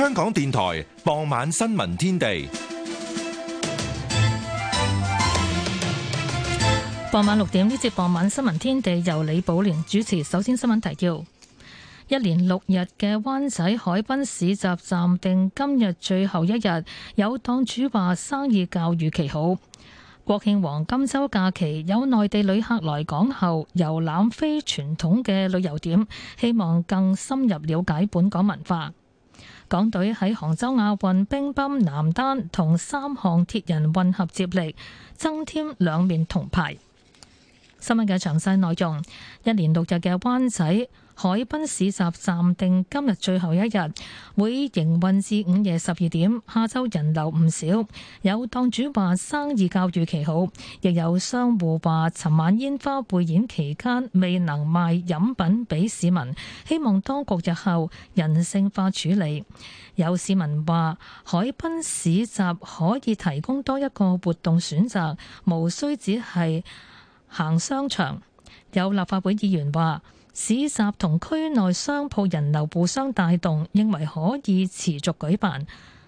香港電台傍晚新聞天地。傍晚六點呢節傍晚新聞天地由李寶蓮主持。首先新聞提要。一連六日嘅灣仔海濱市集暫定今日最後一日，有檔主話生意較預期好。國慶黃金周假期有內地旅客來港後遊覽非傳統嘅旅遊點，希望更深入了解本港文化。港隊喺杭州亞運乒乓男單同三項鐵人混合接力，增添兩面銅牌。新聞嘅詳細內容，一連六日嘅灣仔。海濱市集暫定今日最後一日，會營運至午夜十二點。下晝人流唔少，有檔主話生意較預期好，亦有商戶話尋晚煙花匯演期間未能賣飲品俾市民，希望當局日後人性化處理。有市民話海濱市集可以提供多一個活動選擇，無需只係行商場。有立法會議員話。市集同區內商鋪人流互相帶動，認為可以持續舉辦，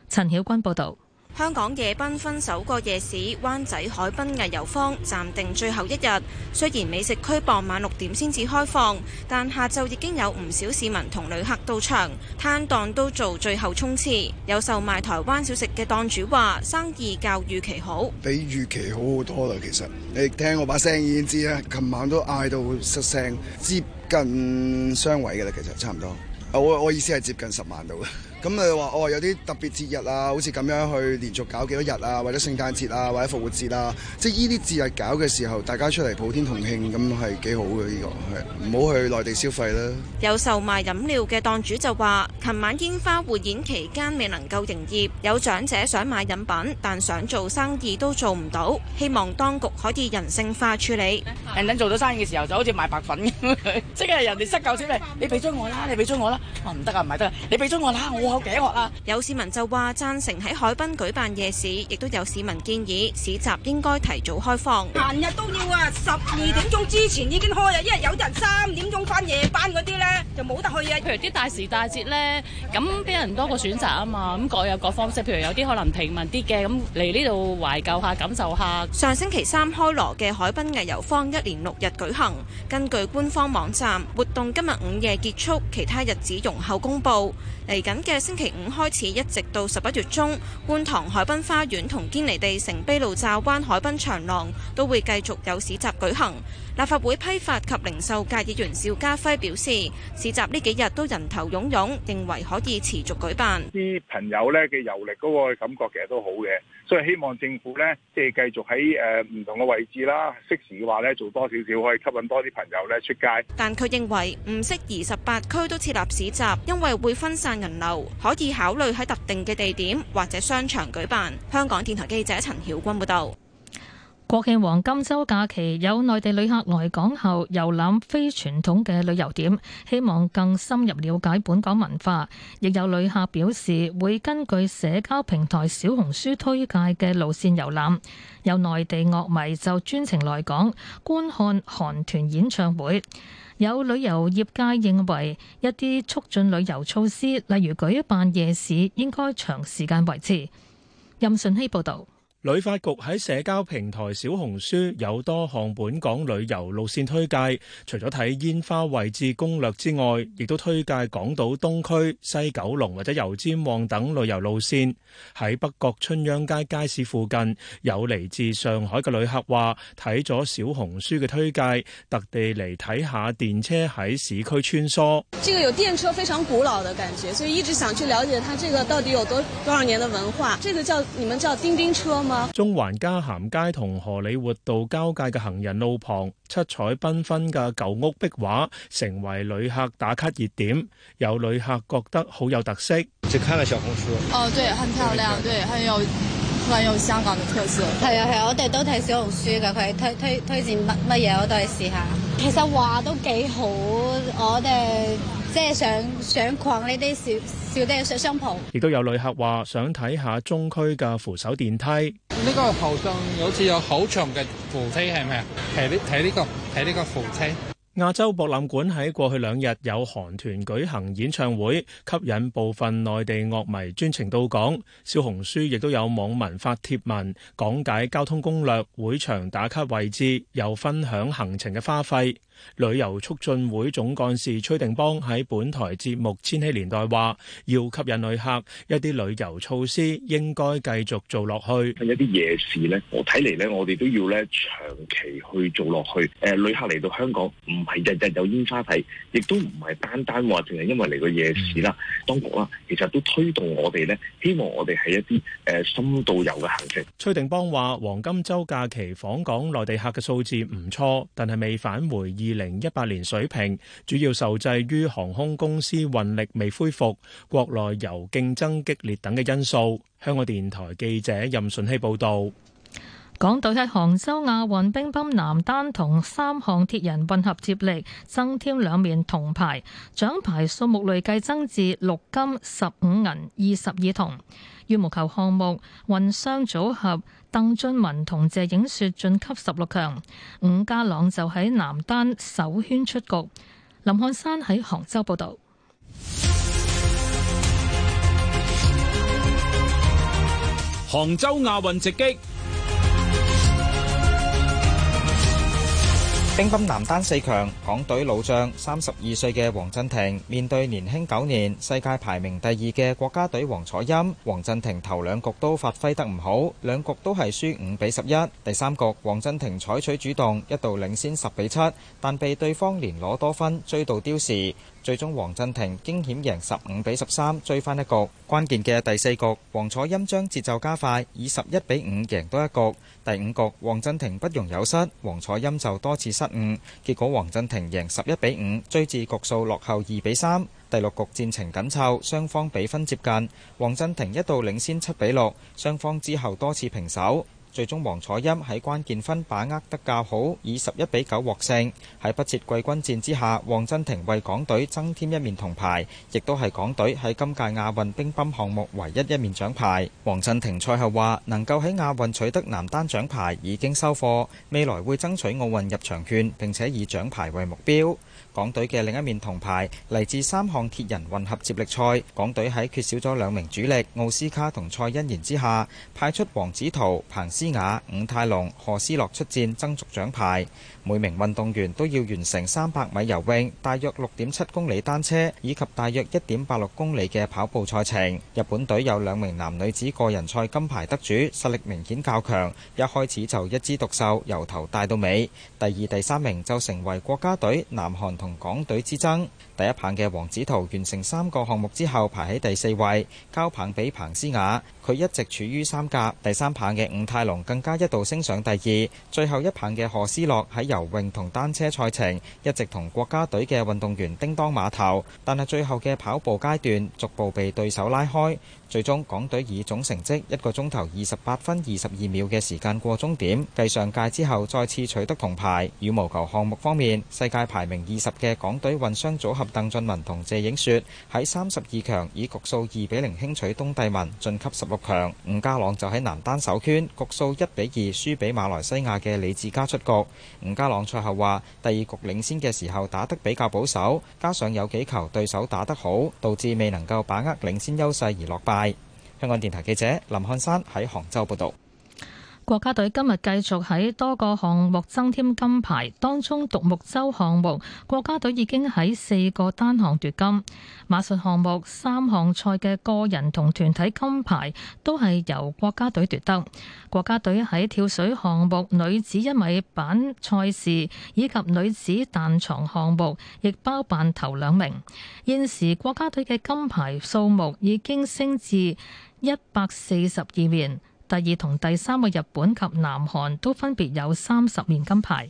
陳曉君報道。香港夜繽紛首個夜市灣仔海濱藝遊坊暫定最後一日。雖然美食區傍晚六點先至開放，但下晝已經有唔少市民同旅客到場，攤檔都做最後衝刺。有售賣台灣小食嘅檔主話：生意較預期好，比預期好好多啦。其實你聽我把聲已經知啦，琴晚都嗌到失聲，接近雙位嘅啦。其實差唔多。我我意思係接近十萬度嘅。咁、嗯、你話哦，有啲特別節日啊，好似咁樣去連續搞幾多日啊，或者聖誕節啊，或者復活節啊。即係呢啲節日搞嘅時候，大家出嚟普天同慶咁係幾好嘅呢、呢個係，唔好去內地消費啦。有售賣飲料嘅檔主就話：琴晚煙花匯演期間未能夠營業，有長者想買飲品，但想做生意都做唔到，希望當局可以人性化處理。等等吧做到生意嘅時候就好似賣白粉咁， 即係人哋塞夠錢嚟，你俾咗我啦，你俾咗我啦，唔得啊，唔係得，你俾咗我啦，啊幾學啊！有市民就話贊成喺海濱舉辦夜市，亦都有市民建議市集應該提早開放。閒日，都要啊！十二點鐘之前已經開啊，因為有啲人三點鐘翻夜班嗰啲呢，就冇得去啊。譬如啲大時大節呢，咁俾人多個選擇啊嘛。咁各有各方式，譬如有啲可能平民啲嘅咁嚟，呢度懷舊下，感受下。上星期三開鑼嘅海濱藝遊坊，一連六日舉行。根據官方網站，活動今日午夜結束，其他日子容後公布。嚟緊嘅。星期五開始一直到十一月中，觀塘海濱花園同堅尼地城卑路乍灣海濱長廊都會繼續有市集舉行。立法會批發及零售界議員邵家輝表示，市集呢幾日都人頭湧湧，認為可以持續舉辦。啲朋友咧嘅遊歷嗰個感覺其實都好嘅。所以希望政府咧，即係繼續喺誒唔同嘅位置啦，適時嘅話咧，做多少少可以吸引多啲朋友咧出街。但佢認為唔適宜十八區都設立市集，因為會分散人流，可以考慮喺特定嘅地點或者商場舉辦。香港電台記者陳曉君報道。國慶黃金週假期，有內地旅客來港後遊覽非傳統嘅旅遊點，希望更深入了解本港文化。亦有旅客表示會根據社交平台小紅書推介嘅路線遊覽。有內地樂迷就專程來港觀看韓團演唱會。有旅遊業界認為一啲促進旅遊措施，例如舉辦夜市，應該長時間維持。任信希報導。旅發局喺社交平台小紅書有多項本港旅遊路線推介，除咗睇煙花位置攻略之外，亦都推介港島東區、西九龍或者油尖旺等旅遊路線。喺北角春秧街街市附近，有嚟自上海嘅旅客話睇咗小紅書嘅推介，特地嚟睇下電車喺市區穿梭。這個有電車非常古老嘅感覺，所以一直想去了解它，這個到底有多多少年的文化？這個叫你們叫叮叮車。中環嘉咸街同荷里活道交界嘅行人路旁，七彩繽紛嘅舊屋壁畫成為旅客打卡熱點。有旅客覺得好有特色，我只看了小紅書哦，對，很漂亮，對，很有很有香港嘅特色。係啊係啊，我哋都睇小紅書噶，佢推推推薦乜乜嘢我都去試下。其實話都幾好，我哋即係想想逛呢啲小小啲嘅商鋪。亦都有旅客話想睇下中區嘅扶手電梯。呢個頭上好似有好長嘅扶梯，係咪啊？睇呢睇呢個睇呢個扶梯。亞洲博覽館喺過去兩日有韓團舉行演唱會，吸引部分內地樂迷專程到港。小紅書亦都有網民發帖文講解交通攻略、會場打卡位置，又分享行程嘅花費。旅遊促進會總幹事崔定邦喺本台節目《千禧年代》話：要吸引旅客，一啲旅遊措施應該繼續做落去。一啲夜市呢，我睇嚟呢，我哋都要咧長期去做落去。誒、呃，旅客嚟到香港唔係日日有煙花睇，亦都唔係單單話淨係因為嚟個夜市啦。當局呀，其實都推動我哋呢，希望我哋係一啲誒深度遊嘅行程。崔定邦話：黃金週假期訪港內地客嘅數字唔錯，但係未返回二二零一八年水平，主要受制於航空公司運力未恢復、國內遊競爭激烈等嘅因素。香港電台記者任順希報道。港隊喺杭州亞運乒乓男單同三項鐵人混合接力增添兩面銅牌，獎牌數目累計增至六金十五銀二十二銅。羽毛球項目混雙組合鄧俊文同謝影雪晉級十六強，伍家朗就喺男單首圈出局。林漢山喺杭州報道。杭州亞運直擊。乒乓男單四強，港隊老將三十二歲嘅黃鎮廷面對年輕九年、世界排名第二嘅國家隊王楚欽，黃鎮廷頭兩局都發揮得唔好，兩局都係輸五比十一。第三局黃鎮廷採取主動，一度領先十比七，但被對方連攞多分，追到丟時。最終黃鎮廷驚險贏十五比十三追翻一局。關鍵嘅第四局，王楚欽將節奏加快，以十一比五贏多一局。第五局黃鎮廷不容有失，王楚欽就多次失誤，結果黃鎮廷贏十一比五，追至局數落後二比三。第六局戰情緊湊，雙方比分接近，黃鎮廷一度領先七比六，雙方之後多次平手。最終王楚欽喺關鍵分把握得較好，以十一比九獲勝。喺不設季軍戰之下，黃鎮廷為港隊增添一面銅牌，亦都係港隊喺今屆亞運乒乓項目唯一一面獎牌。黃鎮廷賽後話：能夠喺亞運取得男單獎牌已經收貨，未來會爭取奧運入場券，並且以獎牌為目標。港隊嘅另一面銅牌嚟自三項鐵人混合接力賽。港隊喺缺少咗兩名主力奧斯卡同蔡欣然之下，派出黃子圖、彭斯。姿雅、伍太郎、何思樂出戰，爭奪獎牌。每名運動員都要完成三百米游泳、大約六點七公里單車以及大約一點八六公里嘅跑步賽程。日本隊有兩名男女子個人賽金牌得主，實力明顯較強，一開始就一枝獨秀，由頭帶到尾。第二、第三名就成為國家隊、南韓同港隊之爭。第一棒嘅黃子圖完成三個項目之後排喺第四位，交棒俾彭思雅，佢一直處於三甲。第三棒嘅伍太龍更加一度升上第二，最後一棒嘅何思樂喺游泳同單車賽程一直同國家隊嘅運動員叮當馬頭，但係最後嘅跑步階段逐步被對手拉開。最終港隊以總成績一個鐘頭二十八分二十二秒嘅時間過終點，繼上屆之後再次取得銅牌。羽毛球項目方面，世界排名二十嘅港隊混雙組合鄧俊文同謝影雪喺三十二強以局數二比零輕取東帝汶，晉級十六強。吳家朗就喺男單首圈局數一比二輸俾馬來西亞嘅李志嘉出局。吳家朗賽後話：第二局領先嘅時候打得比較保守，加上有幾球對手打得好，導致未能夠把握領先優勢而落敗。係香港電台記者林漢山喺杭州報道。國家隊今日繼續喺多個項目增添金牌，當中獨木舟項目，國家隊已經喺四個單項奪金；馬術項目三項賽嘅個人同團體金牌都係由國家隊奪得。國家隊喺跳水項目女子一米板賽事以及女子彈床項目亦包辦頭兩名。現時國家隊嘅金牌數目已經升至一百四十二面。第二同第三個日本及南韓都分別有三十面金牌。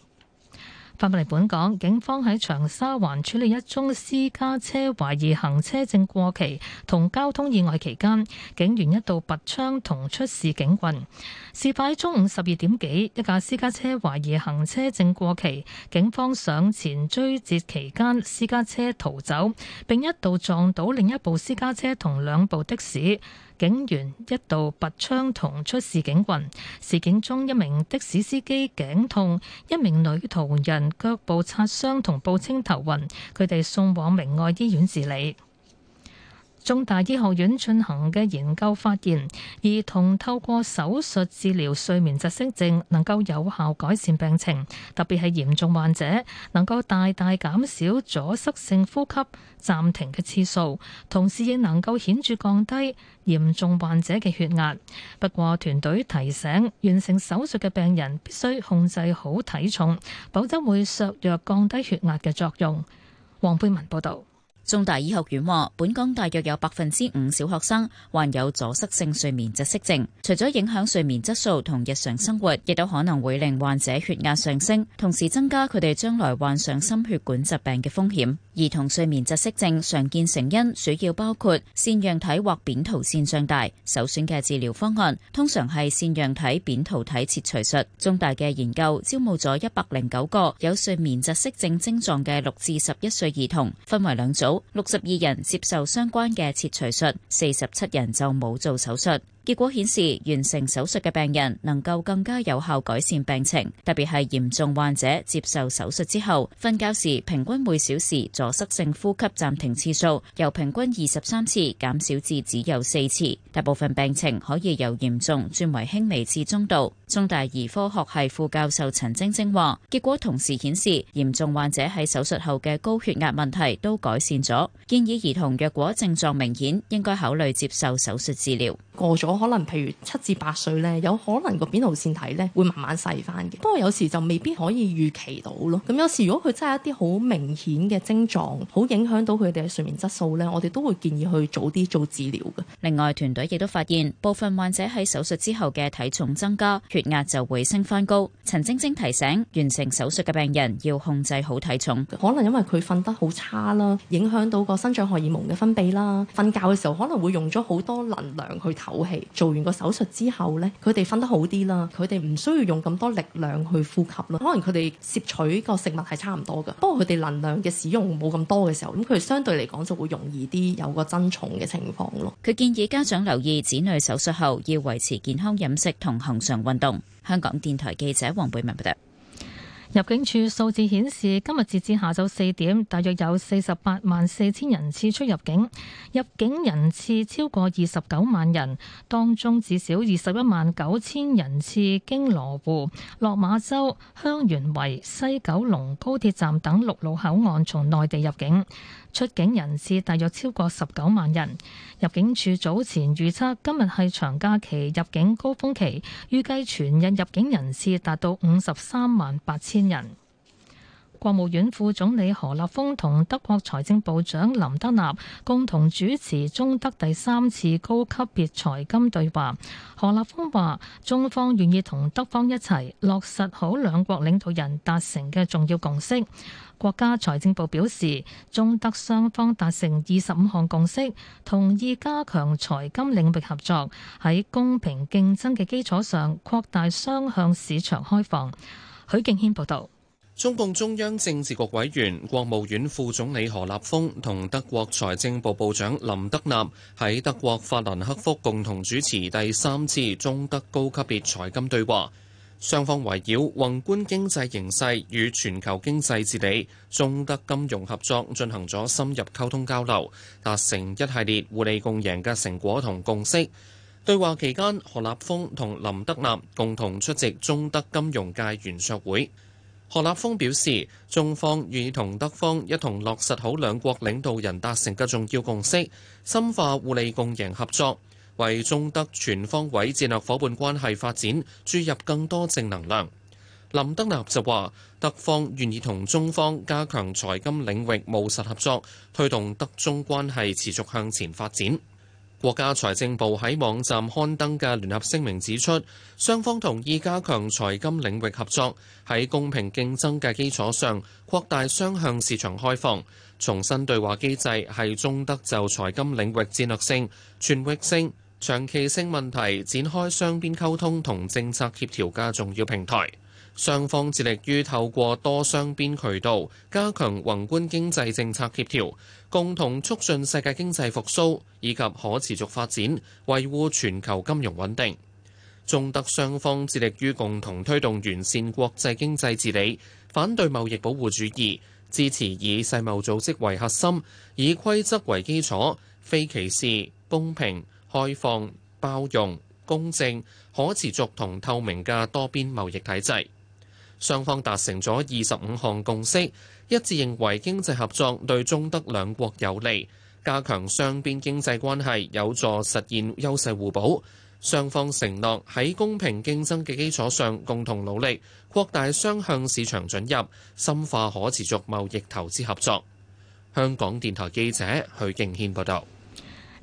翻返嚟，本港，警方喺長沙灣處理一宗私家車懷疑行車證過期同交通意外期間，警員一度拔槍同出示警棍。事發喺中午十二點幾，一架私家車懷疑行車證過期，警方上前追截期間，私家車逃走，並一度撞到另一部私家車同兩部的士。警員一度拔槍同出示警棍，事件中一名的士司機頸痛，一名女途人腳部擦傷同報稱頭暈，佢哋送往明愛醫院治理。中大醫學院進行嘅研究發現，兒童透過手術治療睡眠窒息症，能夠有效改善病情，特別係嚴重患者能夠大大減少阻塞性呼吸暫停嘅次數，同時亦能夠顯著降低嚴重患者嘅血壓。不過，團隊提醒，完成手術嘅病人必須控制好體重，否則會削弱降低血壓嘅作用。黃佩文報導。中大醫學院話，本港大約有百分之五小學生患有阻塞性睡眠窒息症，除咗影響睡眠質素同日常生活，亦都可能會令患者血壓上升，同時增加佢哋將來患上心血管疾病嘅風險。兒童睡眠窒息症常見成因主要包括腺樣體或扁桃腺增大，首選嘅治療方案通常係腺樣體扁桃體切除術。中大嘅研究招募咗一百零九個有睡眠窒息症徵症狀嘅六至十一歲兒童，分為兩組。六十二人接受相關嘅切除術，四十七人就冇做手術。結果顯示，完成手術嘅病人能夠更加有效改善病情，特別係嚴重患者接受手術之後，瞓覺時平均每小時阻塞性呼吸暫停次數由平均二十三次減少至只有四次，大部分病情可以由嚴重轉為輕微至中度。中大兒科學系副教授陳晶晶話：結果同時顯示，嚴重患者喺手術後嘅高血壓問題都改善咗。建議兒童若果症狀明顯，應該考慮接受手術治療。過咗可能譬如七至八歲咧，有可能個扁桃腺體咧會慢慢細翻嘅。不過有時就未必可以預期到咯。咁有時如果佢真係一啲好明顯嘅症狀，好影響到佢哋嘅睡眠質素咧，我哋都會建議去早啲做治療嘅。另外團隊亦都發現，部分患者喺手術之後嘅體重增加，血壓就會升翻高。陳晶晶提醒，完成手術嘅病人要控制好體重，可能因為佢瞓得好差啦，影響到個生長荷爾蒙嘅分泌啦，瞓覺嘅時候可能會用咗好多能量去唞氣。做完個手術之後呢，佢哋瞓得好啲啦，佢哋唔需要用咁多力量去呼吸咯。可能佢哋攝取個食物係差唔多噶，不過佢哋能量嘅使用冇咁多嘅時候，咁佢相對嚟講就會容易啲有個增重嘅情況咯。佢建議家長留意子女手術後要維持健康飲食同恆常運動。香港電台記者黃貝文。入境處數字顯示，今日截至下晝四點，大約有四十八萬四千人次出入境，入境人次超過二十九萬人，當中至少二十一萬九千人次經羅湖、落馬洲、香園圍、西九龍高鐵站等陸路口岸從內地入境。出境人次大約超過十九萬人，入境處早前預測今日係長假期入境高峰期，預計全日入境人次達到五十三萬八千人。國務院副總理何立峰同德國財政部長林德納共同主持中德第三次高級別財金對話。何立峰話，中方願意同德方一齊落實好兩國領導人達成嘅重要共識。國家財政部表示，中德雙方達成二十五項共識，同意加強財金領域合作，喺公平競爭嘅基礎上擴大雙向市場開放。許敬軒報道。中共中央政治局委員、國務院副總理何立峰同德國財政部部長林德納喺德國法蘭克福共同主持第三次中德高級別財金對話，雙方圍繞宏觀經濟形勢與全球經濟治理、中德金融合作進行咗深入溝通交流，達成一系列互利共贏嘅成果同共識。對話期間，何立峰同林德納共同出席中德金融界圓桌會。何立峰表示，中方願意同德方一同落實好兩國領導人達成嘅重要共識，深化互利共贏合作，為中德全方位戰略夥伴關係發展注入更多正能量。林德納就話，德方願意同中方加強財金領域務實合作，推動德中關係持續向前發展。國家財政部喺網站刊登嘅聯合聲明指出，雙方同意加強財金領域合作，喺公平競爭嘅基礎上擴大雙向市場開放，重申對話機制係中德就財金領域戰略性、全域性、長期性問題展開雙邊溝通同政策協調嘅重要平台。雙方致力於透過多雙邊渠道加強宏觀經濟政策協調。共同促進世界經濟復甦以及可持續發展，維護全球金融穩定。中德雙方致力於共同推動完善國際經濟治理，反對貿易保護主義，支持以世貿組織為核心、以規則為基礎、非歧視、公平、開放、包容、公正、可持續同透明嘅多邊貿易體制。雙方達成咗二十五項共識。一致認為經濟合作對中德兩國有利，加強雙邊經濟關係有助實現優勢互補。雙方承諾喺公平競爭嘅基礎上共同努力，擴大雙向市場準入，深化可持續貿易投資合作。香港電台記者許敬軒報道。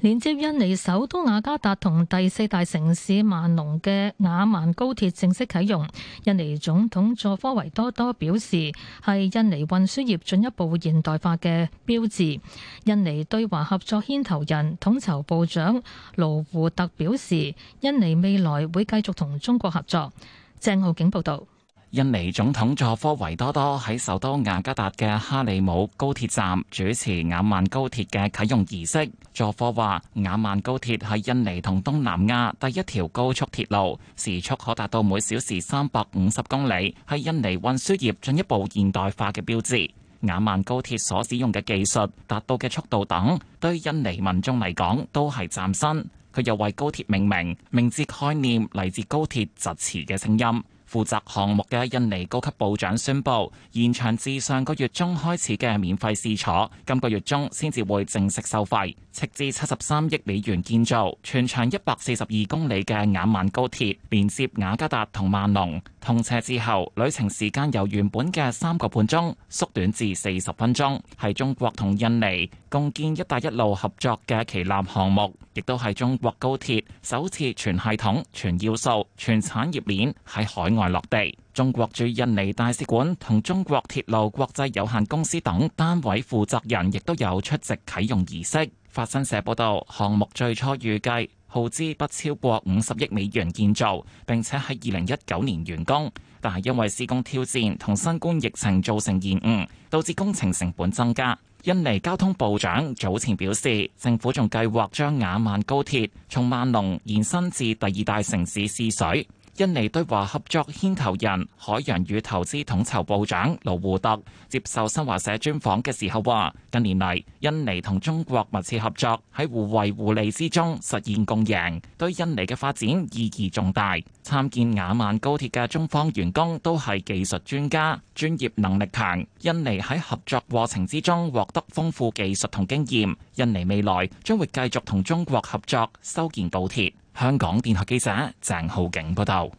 連接印尼首都雅加達同第四大城市萬隆嘅雅萬高鐵正式啟用。印尼總統佐科維多多表示，係印尼運輸業進一步現代化嘅標誌。印尼對華合作牽頭人統籌部長盧胡特表示，印尼未來會繼續同中國合作。鄭浩景報道。印尼總統佐科維多多喺首都雅加達嘅哈利姆高鐵站主持雅萬高鐵嘅啟用儀式。佐科話：雅萬高鐵係印尼同東南亞第一條高速鐵路，時速可達到每小時三百五十公里，係印尼運輸業進一步現代化嘅標誌。雅萬高鐵所使用嘅技術、達到嘅速度等，對印尼民眾嚟講都係嶄新。佢又為高鐵命名，名字概念嚟自高鐵疾馳嘅聲音。負責項目嘅印尼高級部長宣布，延長至上個月中開始嘅免費試坐，今個月中先至會正式收費。直至七十三億美元建造，全長一百四十二公里嘅雅曼高鐵連接雅加達同萬隆通車之後，旅程時間由原本嘅三個半鐘縮短至四十分鐘，係中國同印尼共建“一帶一路”合作嘅旗艦項目，亦都係中國高鐵首次全系統、全要素、全產業鏈喺海外落地。中國駐印尼大使館同中國鐵路國際有限公司等單位負責人亦都有出席啟用儀式。法新社報道，項目最初預計耗資不超過五十億美元建造，並且喺二零一九年完工，但係因為施工挑戰同新冠疫情造成延誤，導致工程成本增加。印尼交通部長早前表示，政府仲計劃將雅萬高鐵從萬隆延伸至第二大城市泗水。印尼對華合作牽頭人、海洋與投資統籌部長盧胡特接受新華社專訪嘅時候話：近年嚟，印尼同中國密切合作，喺互惠互利之中實現共贏，對印尼嘅發展意義重大。參建雅萬高鐵嘅中方員工都係技術專家，專業能力強，印尼喺合作過程之中獲得豐富技術同經驗，印尼未來將會繼續同中國合作修建高鐵。香港電台記者鄭浩景報道，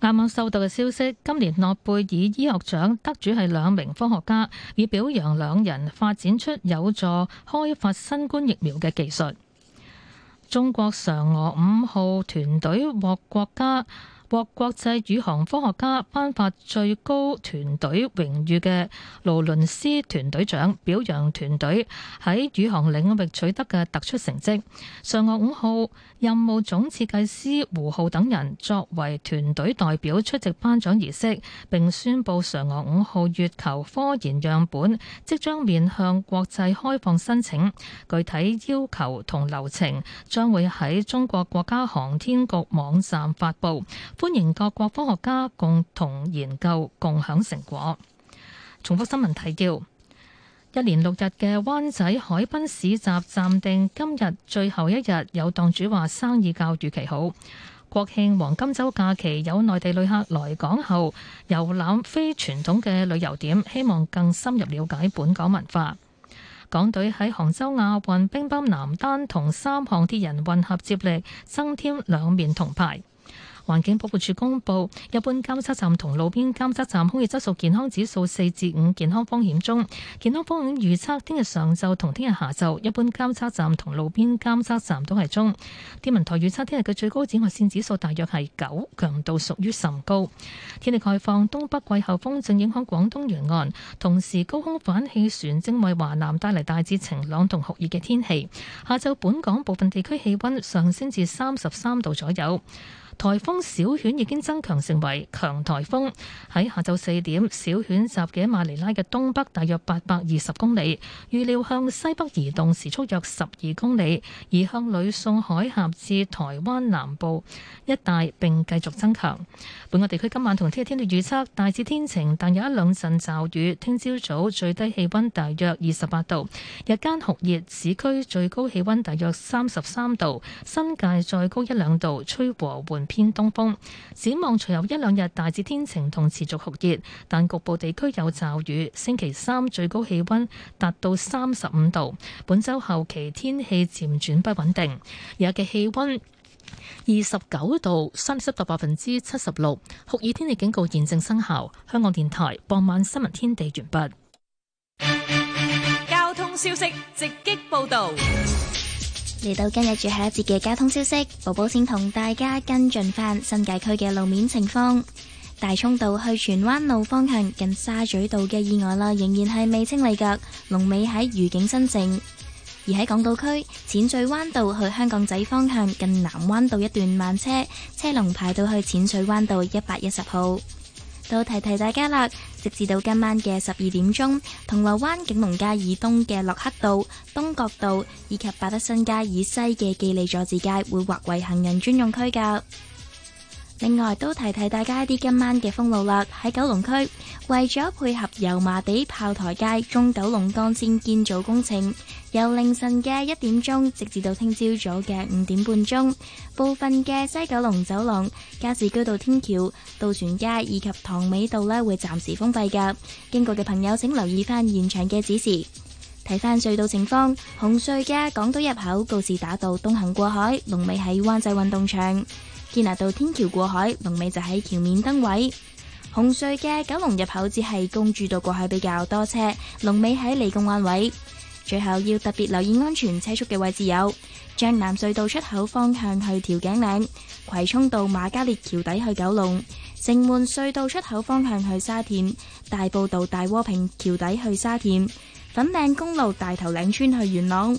啱啱收到嘅消息，今年諾貝爾醫學獎得主係兩名科學家，以表揚兩人發展出有助開發新冠疫苗嘅技術。中國嫦娥五號團隊獲國家。獲國際宇航科學家頒發最高團隊榮譽嘅勞倫斯團隊獎，表揚團隊喺宇航領域取得嘅突出成績。嫦娥五號任務總設計師胡浩等人作為團隊代表出席頒獎儀式，並宣布嫦娥五號月球科研樣本即將面向國際開放申請，具體要求同流程將會喺中國國家航天局網站發布。歡迎各國科學家共同研究，共享成果。重複新聞提要：一連六日嘅灣仔海濱市集暫定今日最後一日，有檔主話生意較預期好。國慶黃金周假期有內地旅客來港後遊覽非傳統嘅旅遊點，希望更深入了解本港文化。港隊喺杭州亞運乒乓男單同三項鐵人混合接力，增添兩面銅牌。環境保護署公布，一般監測站同路邊監測站空氣質素健康指數四至五，健康風險中。健康風險預測，聽日上晝同聽日下晝，一般監測站同路邊監測站都係中。天文台預測，聽日嘅最高紫外線指數大約係九，強度屬於甚高。天氣概況，東北季候風正影響廣東沿岸，同時高空反氣旋正為華南帶嚟大致晴朗同酷熱嘅天氣。下晝本港部分地區氣温上升至三十三度左右。台風小犬已經增強成為強颱風，喺下晝四點，小犬集結馬尼拉嘅東北，大約八百二十公里，預料向西北移動，時速約十二公里，而向呂宋海峽至台灣南部一帶，並繼續增強。本港地區今晚同聽日天氣預測大致天晴，但有一兩陣驟雨。聽朝早最低氣温大約二十八度，日間酷熱，市區最高氣温大約三十三度，新界再高一兩度，吹和緩，偏東風，展望隨後一兩日大致天晴同持續酷熱，但局部地區有驟雨。星期三最高氣温達到三十五度。本周後期天氣漸轉不穩定。而家嘅氣温二十九度，相對濕度百分之七十六，酷熱天氣警告現正生效。香港電台傍晚新聞天地完畢。交通消息直擊報道。嚟到今日最後一節嘅交通消息，寶寶先同大家跟進返新界區嘅路面情況。大涌道去荃灣路方向近沙咀道嘅意外啦，仍然係未清理腳，龍尾喺愉景新城。而喺港島區淺水灣道去香港仔方向近南灣道一段慢車，車龍排到去淺水灣道一百一十號。都提提大家啦，直至到今晚嘅十二點鐘，銅鑼灣景隆街以東嘅洛克道、東角道以及百德新街以西嘅記利佐治街會劃為行人專用區㗎。另外都提提大家一啲今晚嘅封路啦。喺九龍區，為咗配合油麻地炮台街中九龍幹線建造工程，由凌晨嘅一點鐘直至到聽朝早嘅五點半鐘，部分嘅西九龍走廊、加士居道天橋、渡船街以及塘尾道咧會暫時封閉噶。經過嘅朋友請留意翻現場嘅指示，睇翻隧道情況。紅隧嘅港島入口告士打道東行過海，龍尾喺灣仔運動場。堅拿道天橋過海，龍尾就喺橋面燈位；紅隧嘅九龍入口只係公主道過海比較多車，龍尾喺利東彎位。最後要特別留意安全車速嘅位置有：將南隧道出口方向去調景嶺、葵涌道馬嘉烈橋底去九龍、城門隧道出口方向去沙田、大埔道大窩坪橋底去沙田、粉嶺公路大頭嶺村去元朗。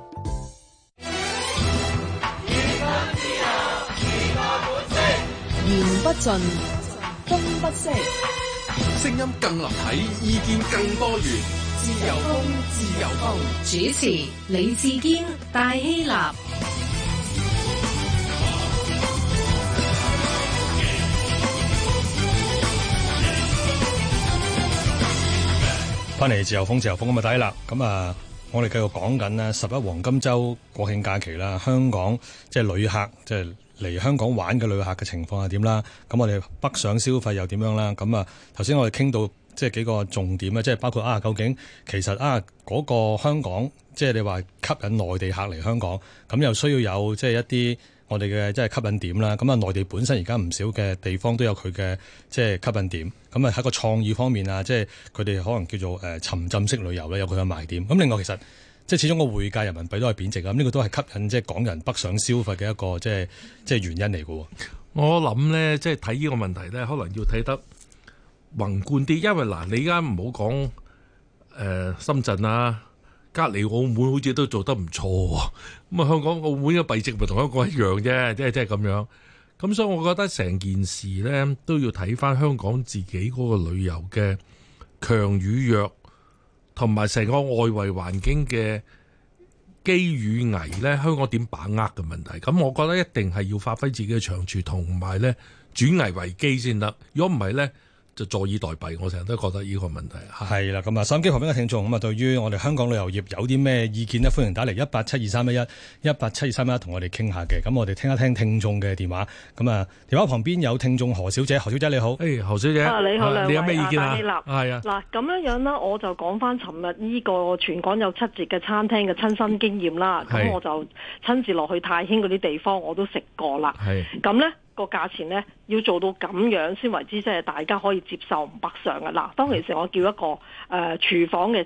言不盡，風不息，聲音更立體，意見更多元。自由風，自由風。主持李志堅，戴希立。翻嚟自由風，自由風咁咪睇啦！咁啊，我哋繼續講緊咧，十一黃金周國慶假期啦，香港即係旅客即係。嚟香港玩嘅旅客嘅情況係點啦？咁我哋北上消費又點樣啦？咁啊頭先我哋傾到即係幾個重點啊，即係包括啊，究竟其實啊嗰個香港即係你話吸引內地客嚟香港，咁又需要有即係一啲我哋嘅即係吸引點啦。咁啊內地本身而家唔少嘅地方都有佢嘅即係吸引點，咁啊喺個創意方面啊，即係佢哋可能叫做誒沉浸式旅遊咧，有佢嘅賣點。咁另外其實。即係始終個匯價人民幣都係貶值啊！咁呢個都係吸引即係港人北上消費嘅一個即係即係原因嚟嘅。我諗咧，即係睇呢個問題咧，可能要睇得宏觀啲，因為嗱，你而家唔好講誒深圳啊，隔離澳門好似都做得唔錯喎。咁啊，香港澳門嘅幣值咪同香港一樣啫，即係即係咁樣。咁所以我覺得成件事咧都要睇翻香港自己嗰個旅遊嘅強與弱。同埋成個外圍環境嘅機與危咧，香港點把握嘅問題？咁我覺得一定係要發揮自己嘅長處，同埋咧轉危為機先得。如果唔係咧，就坐以待斃，我成日都覺得呢個問題嚇。係啦，咁啊，收音機旁邊嘅聽眾咁啊，對於我哋香港旅遊業有啲咩意見呢？歡迎打嚟一八七二三一一一八七二三一一同我哋傾下嘅。咁我哋聽一聽聽眾嘅電話。咁啊、呃，電話旁邊有聽眾何小姐，何小姐你好。誒，何小姐。你好。你有咩意見啊？未係啊。嗱咁、yeah. 樣、嗯 ah, lara, s, 樣呢，我就講翻尋日呢個全港有七折嘅餐廳嘅親身經驗啦。咁我就親自落去太興嗰啲地方，我都食過啦。係。咁呢。個價錢咧，要做到咁樣先為之，即係大家可以接受唔北上嘅嗱。當其時我叫一個誒、呃、廚房嘅。